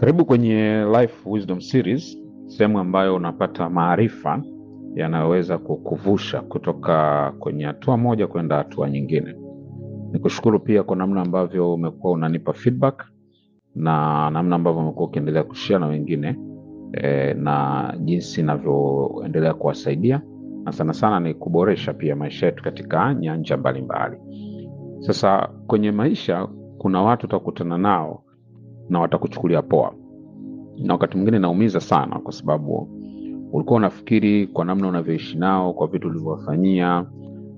Karibu kwenye Life Wisdom Series, sehemu ambayo unapata maarifa yanayoweza kukuvusha kutoka kwenye hatua moja kwenda hatua nyingine. Nikushukuru pia kwa namna ambavyo umekuwa unanipa feedback na namna ambavyo umekuwa ukiendelea kushia na wengine e, na jinsi inavyoendelea kuwasaidia na sana sana ni kuboresha pia maisha yetu katika nyanja mbalimbali. Sasa kwenye maisha kuna watu utakutana nao na watakuchukulia poa, na wakati mwingine inaumiza sana, kwa sababu ulikuwa unafikiri kwa namna unavyoishi nao, kwa vitu ulivyowafanyia,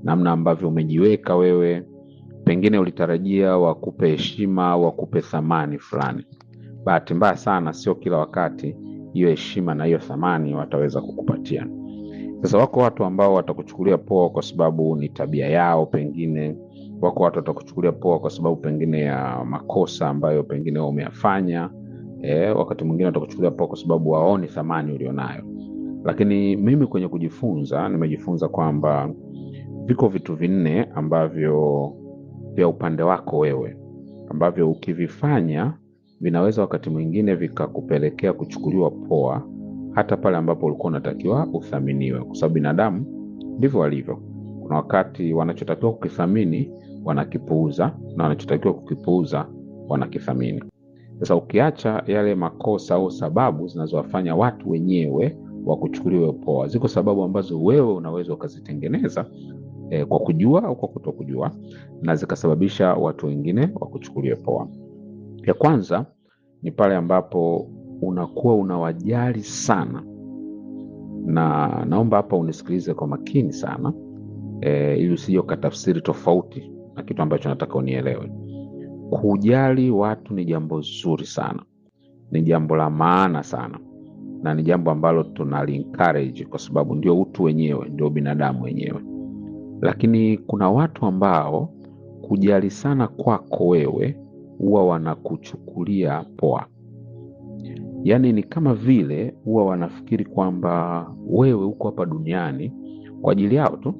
namna ambavyo umejiweka wewe, pengine ulitarajia wakupe heshima, wakupe thamani fulani. Bahati mbaya sana, sio kila wakati hiyo heshima na hiyo thamani wataweza kukupatia. Sasa wako watu ambao watakuchukulia poa kwa sababu ni tabia yao pengine wako watu watakuchukulia poa kwa sababu pengine ya makosa ambayo pengine wao umeyafanya e, wakati mwingine watakuchukulia poa kwa sababu waoni thamani ulionayo lakini mimi kwenye kujifunza nimejifunza kwamba viko vitu vinne ambavyo vya upande wako wewe ambavyo ukivifanya vinaweza wakati mwingine vikakupelekea kuchukuliwa poa hata pale ambapo ulikuwa unatakiwa uthaminiwe kwa sababu binadamu ndivyo walivyo kuna wakati wanachotakiwa kukithamini wanakipuuza na wanachotakiwa kukipuuza wanakithamini. Sasa ukiacha yale makosa au sababu zinazowafanya watu wenyewe wa kuchukuliwa poa ziko sababu ambazo wewe unaweza ukazitengeneza eh, kwa kujua au kwa kutokujua na zikasababisha watu wengine wa kuchukuliwa poa. Ya kwanza ni pale ambapo unakuwa unawajali sana, na naomba hapa unisikilize kwa makini sana eh, ili usije ukatafsiri tofauti na kitu ambacho nataka unielewe. Kujali watu ni jambo zuri sana, ni jambo la maana sana, na ni jambo ambalo tunali kwa sababu ndio utu wenyewe, ndio binadamu wenyewe. Lakini kuna watu ambao kujali sana kwako wewe huwa wanakuchukulia poa, yaani ni kama vile huwa wanafikiri kwamba wewe huko hapa duniani kwa ajili yao tu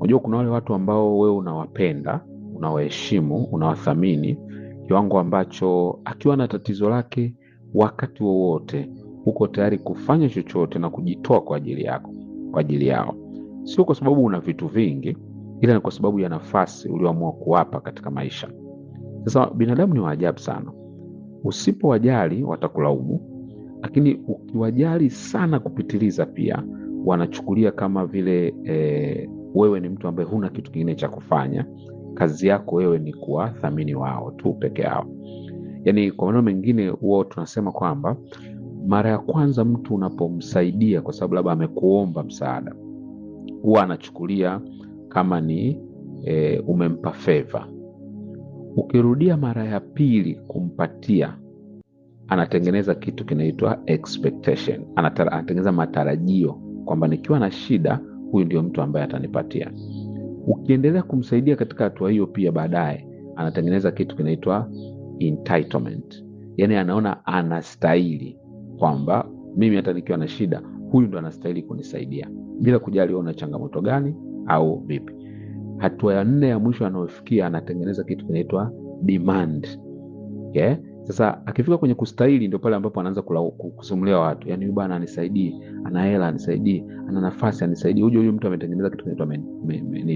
Unajua kuna wale watu ambao wewe unawapenda, unawaheshimu, unawathamini kiwango ambacho akiwa na tatizo lake wakati wowote uko tayari kufanya chochote na kujitoa kwa ajili yako, kwa ajili yao, sio kwa sababu una vitu vingi, ila ni kwa sababu ya nafasi ulioamua kuwapa katika maisha. Sasa binadamu ni waajabu sana. Usipowajali watakulaumu, lakini ukiwajali sana kupitiliza, pia wanachukulia kama vile eh, wewe ni mtu ambaye huna kitu kingine cha kufanya, kazi yako wewe ni kuwathamini wao tu peke yao. Yaani, kwa maneno mengine, huo tunasema kwamba mara ya kwanza mtu unapomsaidia, kwa sababu labda amekuomba msaada, huwa anachukulia kama ni e, umempa feva. Ukirudia mara ya pili kumpatia, anatengeneza kitu kinaitwa expectation, anatengeneza matarajio kwamba nikiwa na shida huyu ndio mtu ambaye atanipatia. Ukiendelea kumsaidia katika hatua hiyo, pia baadaye anatengeneza kitu kinaitwa entitlement, yaani anaona anastahili kwamba mimi hata nikiwa na shida, huyu ndo anastahili kunisaidia bila kujali una changamoto gani au vipi. Hatua ya nne ya mwisho anayofikia, anatengeneza kitu kinaitwa demand, okay? Sasa akifika kwenye kustahili, ndio pale ambapo anaanza kusumulia watu, yani huyu bana anisaidie, ana hela anisaidie, ana nafasi anisaidie. huju huyu mtu ametengeneza kitu kinaitwa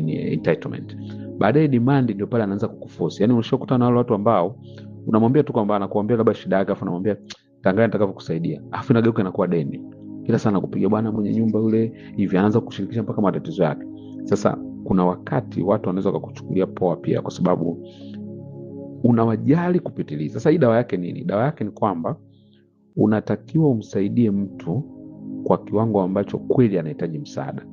entitlement. Baadaye demand, ndio pale anaanza kukufosi Yani unashokutana na wale watu ambao unamwambia tu kwamba, anakuambia labda shida yake, afu anamwambia tangaa nitakavyokusaidia, afu inageuka inakuwa deni kila sana kupiga bwana mwenye nyumba yule hivi, anaanza kushirikisha mpaka matatizo yake. Sasa kuna wakati watu wanaweza wakakuchukulia poa pia, kwa sababu unawajali kupitiliza. Sasa hii dawa yake nini? Dawa yake ni kwamba unatakiwa umsaidie mtu kwa kiwango ambacho kweli anahitaji msaada.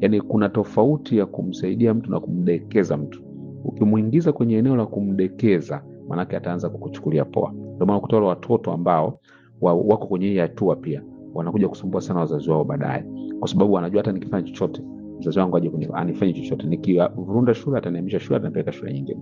Yaani kuna tofauti ya kumsaidia mtu na kumdekeza mtu. Ukimwingiza kwenye eneo la kumdekeza, maanake ataanza kukuchukulia poa. ndomana kuta wale watoto ambao wako kwenye hii hatua pia wanakuja kusumbua sana wazazi wao baadaye, kwa sababu wanajua hata nikifanya chochote mzazi wangu aje anifanye chochote, nikivurunda shule ataniamisha shule, atanipeleka shule nyingine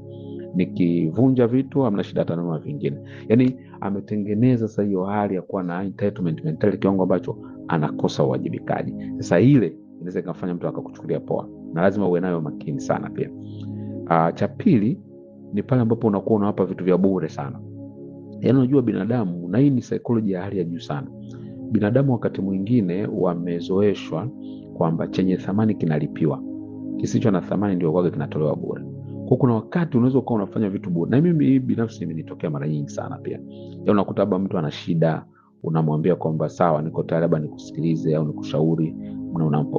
nikivunja vitu amna shida, atanunua vingine. Yani ametengeneza sasa hiyo hali ya kuwa na entitlement mentality, kiwango ambacho anakosa uwajibikaji. Sasa ile inaweza ikafanya mtu akakuchukulia poa, na lazima uwe nayo makini sana pia. Uh, cha pili ni pale ambapo unakuwa unawapa vitu vya bure sana. yani unajua binadamu, na hii ni saikolojia ya hali ya juu sana. Binadamu wakati mwingine wamezoeshwa kwamba chenye thamani kinalipiwa, kisicho na thamani ndio kwaga kinatolewa bure. Kwa kuna wakati unaweza ukawa unafanya vitu bure, na mimi binafsi imenitokea mara nyingi sana pia. Ya yaani unakuta labda mtu ana shida, unamwambia kwamba sawa, niko tayari, labda nikusikilize au nikushauri,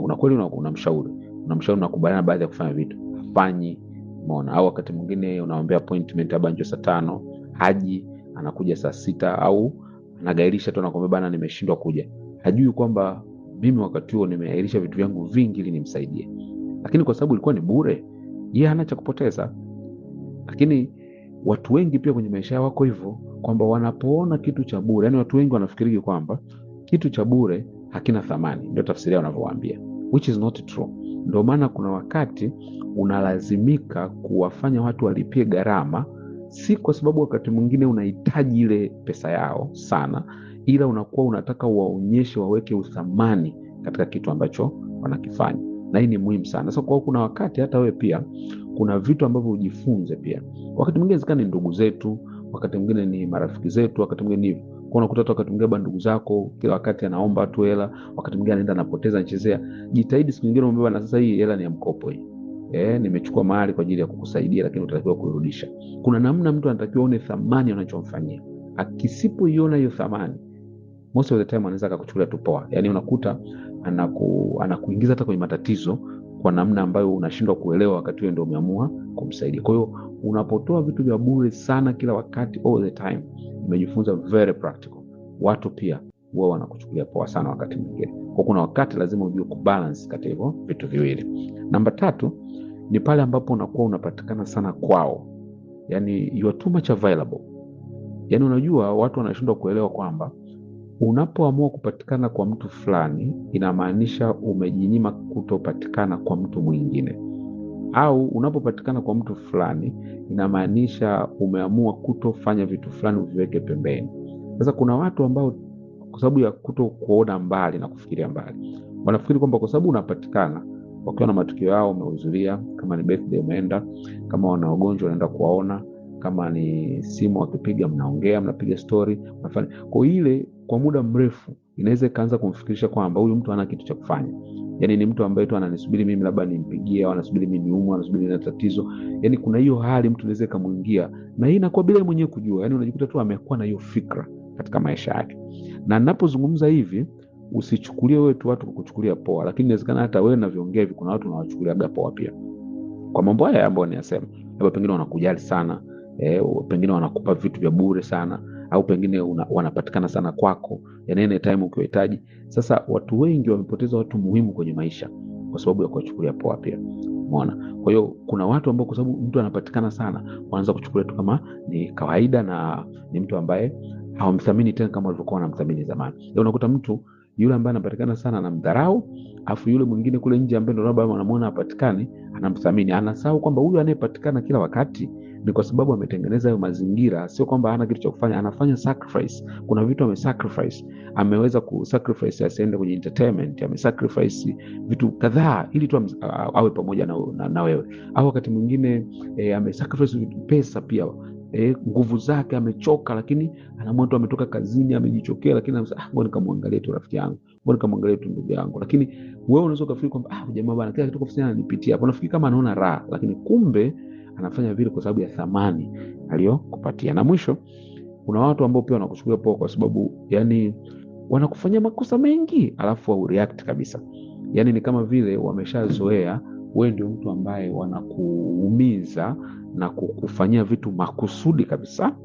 na kweli unamshauri, unamshauri, unakubaliana baadhi ya kufanya vitu, hafanyi, mona Au wakati mwingine unamwambia appointment labda njoo saa tano, haji, anakuja saa sita au anagairisha tu, anakwambia bana, nimeshindwa kuja. Hajui kwamba mimi wakati huo nimeairisha vitu vyangu vingi ili nimsaidie, lakini kwa sababu ilikuwa ni bure yeye hana cha kupoteza. Lakini watu wengi pia kwenye maisha yao wako hivyo kwamba wanapoona kitu cha bure, yani watu wengi wanafikiri kwamba kitu cha bure hakina thamani, ndio tafsiri yao wanavyowaambia, which is not true. Ndio maana kuna wakati unalazimika kuwafanya watu walipie gharama, si kwa sababu wakati mwingine unahitaji ile pesa yao sana, ila unakuwa unataka waonyeshe, waweke uthamani katika kitu ambacho wanakifanya na hii ni muhimu sana. so kwao kuna wakati hata wewe pia kuna vitu ambavyo ujifunze pia, wakati mwingine zikaa ni ndugu zetu, wakati mwingine ni marafiki zetu, wakati mwingine ni kwa unakuta hata wakati mwingine ndugu zako kila wakati anaomba tu hela, wakati mwingine anaenda anapoteza nchezea Jitahidi siku nyingine umebeba na sasa, hii hela ni ya mkopo hii Eh, nimechukua mahali kwa ajili ya kukusaidia, lakini utatakiwa kuirudisha Kuna namna mtu anatakiwa aone thamani anachomfanyia. Akisipoiona hiyo thamani, most of the time anaweza akakuchukulia tu poa. Yani unakuta anaku, anakuingiza hata kwenye matatizo kwa namna ambayo unashindwa kuelewa wakati huo ndio umeamua kumsaidia. Kwa hiyo unapotoa vitu vya bure sana kila wakati all the time, very practical, watu pia huwa wanakuchukulia poa sana wakati mwingine. Kwa kuna wakati lazima ujue kubalance kati hivyo vitu viwili. Namba tatu ni pale ambapo unakuwa unapatikana sana kwao, yani you are too much available. Yani unajua watu wanashindwa kuelewa kwamba Unapoamua kupatikana kwa mtu fulani, inamaanisha umejinyima kutopatikana kwa mtu mwingine, au unapopatikana kwa mtu fulani, inamaanisha umeamua kutofanya vitu fulani uviweke pembeni. Sasa kuna watu ambao kwa sababu ya kuto kuona mbali na kufikiria mbali, wanafikiri kwamba kwa sababu unapatikana wakiwa na matukio yao wamehudhuria, kama ni birthday umeenda, kama wana wagonjwa unaenda kuwaona, kama ni simu wakipiga mnaongea, mnapiga stori, mnafanya kwa ile kwa muda mrefu inaweza ikaanza kumfikirisha kwamba huyu mtu ana kitu cha kufanya, yani ni mtu ambaye tu ananisubiri mimi labda nimpigie, au anasubiri mimi niumwe, anasubiri na tatizo. Yani kuna hiyo hali mtu anaweza kamuingia, na hii inakuwa bila mwenyewe kujua, yani unajikuta tu amekuwa na hiyo fikra katika maisha yake. Na ninapozungumza hivi usichukulie wewe tu watu kukuchukulia poa, lakini inawezekana hata wewe unavyoongea hivi kuna watu unawachukulia labda poa pia, kwa mambo haya ambayo ninasema, labda pengine wanakujali sana eh, pengine wanakupa vitu vya bure sana au pengine una, wanapatikana sana kwako yanene time ukiwahitaji. Sasa watu wengi wamepoteza watu muhimu kwenye maisha kwa sababu ya kuwachukulia poa pia. Umeona? Kwa hiyo kuna watu ambao kwa sababu mtu anapatikana sana wanaanza kuchukulia tu kama ni kawaida na ni mtu ambaye hawamthamini tena kama walivyokuwa wanamthamini zamani. ya yaani unakuta mtu yule ambaye anapatikana sana na mdharau afu yule mwingine kule nje ambaye ndo labda anamwona hapatikani anamthamini, anasahau kwamba huyu anayepatikana kila wakati ni kwa sababu ametengeneza hayo mazingira. Sio kwamba hana kitu cha kufanya, anafanya sacrifice. Kuna vitu amesacrifice, ameweza kusacrifice asiende kwenye entertainment, amesacrifice vitu kadhaa ili tu awe pamoja na, na, na wewe. Au wakati mwingine e, amesacrifice pesa pia eh, nguvu e, zake, amechoka, lakini anaamua tu, ametoka kazini, amejichokea, lakini anasema ah, nikamwangalie tu rafiki yangu, mbona nikamwangalie tu ndugu yangu. Lakini wewe unaweza ukafikiri kwamba ah, jamaa bwana, kila kitu ofisini ananipitia hapo, nafikiri kama anaona raha, lakini kumbe anafanya vile kwa sababu ya thamani aliyokupatia. Na mwisho, kuna watu ambao pia wanakuchukulia poa kwa sababu yani wanakufanyia makosa mengi alafu wa react kabisa, yani ni kama vile wameshazoea wewe ndio mtu ambaye wanakuumiza na kukufanyia vitu makusudi kabisa,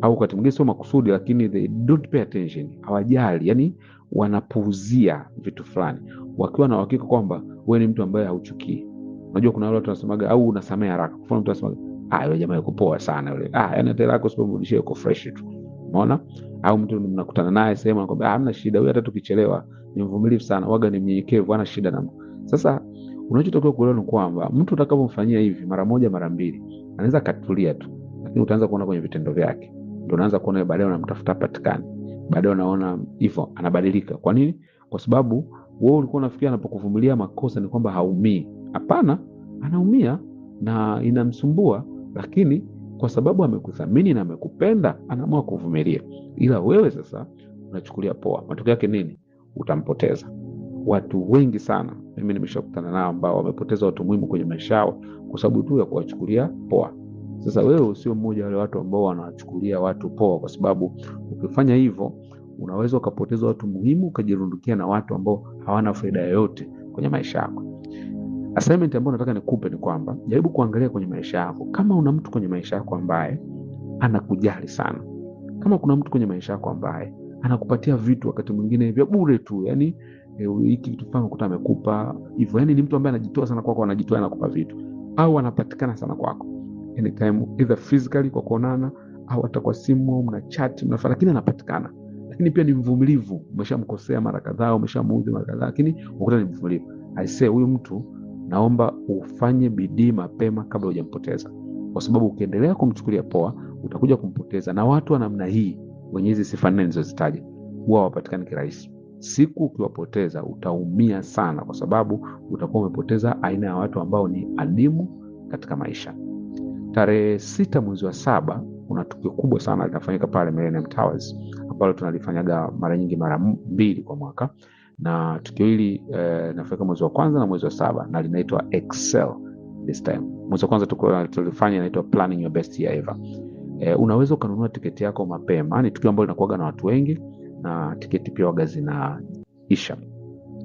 au wakati mwingine sio makusudi, lakini they don't pay attention, hawajali, yani wanapuuzia vitu fulani, wakiwa na uhakika kwamba wewe ni mtu ambaye hauchukii Unajua kuna wale watu wanasemaga au unasamea haraka. Kwa mfano mtu anasemaga ah, yule jamaa yuko poa sana yule. Ah, yani hata lako usipomrudishia yuko fresh tu. Umeona? Au mtu mnakutana naye sehemu anakwambia ah, hamna shida, huyu hata tukichelewa ni mvumilivu sana, waga ni mnyenyekevu, hana shida na sasa unachotakiwa kuelewa ni kwamba mtu utakapomfanyia hivi mara moja mara mbili, anaweza akatulia tu, lakini utaanza kuona kwenye vitendo vyake, ndio unaanza kuona baadaye, unamtafuta patikani, baadaye unaona hivyo anabadilika. Kwa nini? Kwa sababu wewe ulikuwa unafikiri anapokuvumilia makosa ni kwamba haumii, Hapana, anaumia na inamsumbua, lakini kwa sababu amekuthamini na amekupenda, anaamua kuvumilia. Ila wewe sasa unachukulia poa. Matokeo yake nini? Utampoteza. Watu wengi sana mimi nimeshakutana nao ambao wamepoteza watu muhimu kwenye maisha yao kwa sababu tu ya kuwachukulia poa. Sasa wewe usio mmoja wale watu ambao wanawachukulia watu poa, kwa sababu ukifanya hivyo unaweza ukapoteza watu muhimu, ukajirundukia na watu ambao hawana faida yoyote kwenye maisha yako. Assignment ambayo nataka nikupe ni kwamba jaribu kuangalia kwenye maisha yako, kama una mtu kwenye maisha yako ambaye anakujali sana, kama kuna mtu kwenye maisha yako ambaye anakupatia vitu wakati mwingine vya bure tu, yani eh, hiki e, fulani ukuta amekupa hivyo, yani ni mtu ambaye anajitoa sana kwako, anajitoa anakupa vitu, au anapatikana sana kwako anytime, physically kwa kuonana au hata kwa simu, au mna chat mnafanya, lakini anapatikana lakini pia ni mvumilivu. Umeshamkosea mara kadhaa, umeshamuudhi mara kadhaa, lakini ukuta ni mvumilivu. aisee huyu mtu naomba ufanye bidii mapema kabla hujampoteza, kwa sababu ukiendelea kumchukulia poa utakuja kumpoteza. Na watu wa namna hii wenye hizi sifa nne nilizozitaja huwa hawapatikani kirahisi. Siku ukiwapoteza utaumia sana, kwa sababu utakuwa umepoteza aina ya watu ambao ni adimu katika maisha. Tarehe sita mwezi wa saba kuna tukio kubwa sana linafanyika pale Millennium Towers ambalo tunalifanyaga mara nyingi, mara mbili kwa mwaka na tukio hili eh, mwezi wa kwanza na mwezi wa saba na linaitwa Excel this time. Mwezi wa kwanza tulifanya inaitwa Planning Your Best Year Ever. Eh, unaweza ukanunua tiketi yako mapema. Ni tukio ambalo linakuwaga na watu wengi na tiketi pia waga zinaisha,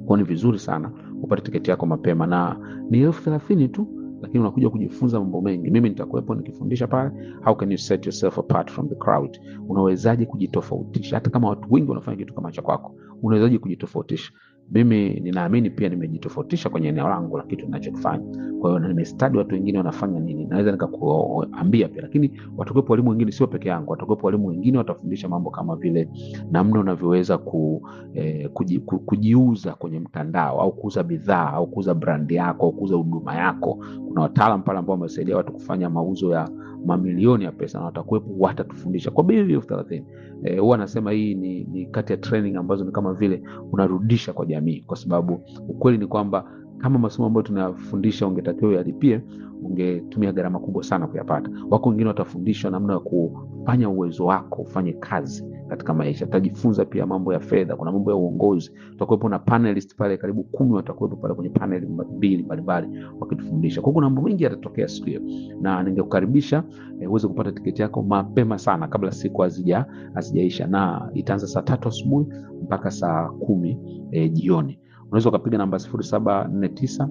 kwa ni vizuri sana upate tiketi yako mapema, na ni elfu thelathini tu, lakini unakuja kujifunza mambo mengi. Mimi nitakuwepo nikifundisha pale, how can you set yourself apart from the crowd, unawezaje kujitofautisha hata kama watu wengi wanafanya kitu kama cha kwako unawezaji kujitofautisha? Mimi ninaamini pia nimejitofautisha kwenye eneo langu la kitu inachokifanya kwahio nimestadi watu wengine wanafanya nini, naweza nikakuambia pia, lakini watakuwepo walimu wengine, sio peke yangu, watakuwepo walimu wengine watafundisha mambo kama vile namna unavyoweza ku, eh, kuji, ku, kujiuza kwenye mtandao au kuuza bidhaa au kuuza brandi yako au kuuza huduma yako. Kuna wataalam pale ambao wamesaidia watu kufanya mauzo ya mamilioni ya pesa na watakuwepo, watatufundisha kwa bei elfu thelathini. E, huwa anasema hii ni, ni kati ya training ambazo ni kama vile unarudisha kwa jamii, kwa sababu ukweli ni kwamba kama masomo ambayo tunayafundisha ungetakiwa uyalipie, ungetumia gharama kubwa sana kuyapata. Wako wengine watafundishwa namna ya kufanya uwezo wako ufanye kazi katika maisha. tajifunza pia mambo ya fedha, kuna mambo ya uongozi. utakuwepo na panelist pale, karibu kumi watakuwepo pale kwenye panel mbili mbalimbali wakitufundisha. Kwa kuna mambo mengi yatatokea siku hiyo, na ningekukaribisha eh, uweze eh, kupata tiketi yako mapema sana kabla siku hazija hazijaisha, na itaanza saa tatu asubuhi mpaka saa kumi eh, jioni unaweza ukapiga namba 0749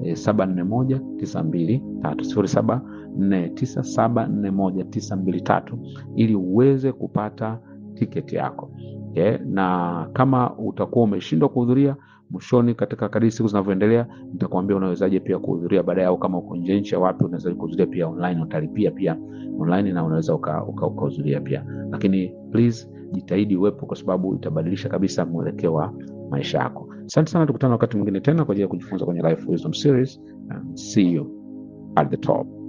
0749741923 eh, ili uweze kupata tiketi yako. Yeah, na kama utakuwa umeshindwa kuhudhuria mwishoni, katika kadiri siku zinavyoendelea nitakwambia unawezaje pia kuhudhuria baadaye, au kama uko nje nchi wapi unaweza kuhudhuria pia online, utalipia pia online na unaweza ukahudhuria uka, uka pia, lakini please jitahidi uwepo, kwa sababu itabadilisha kabisa mwelekeo wa maisha yako. Asante sana, tukutana wakati mwingine tena kwa ajili ya kujifunza kwenye Life Wisdom Series. and see you at the top.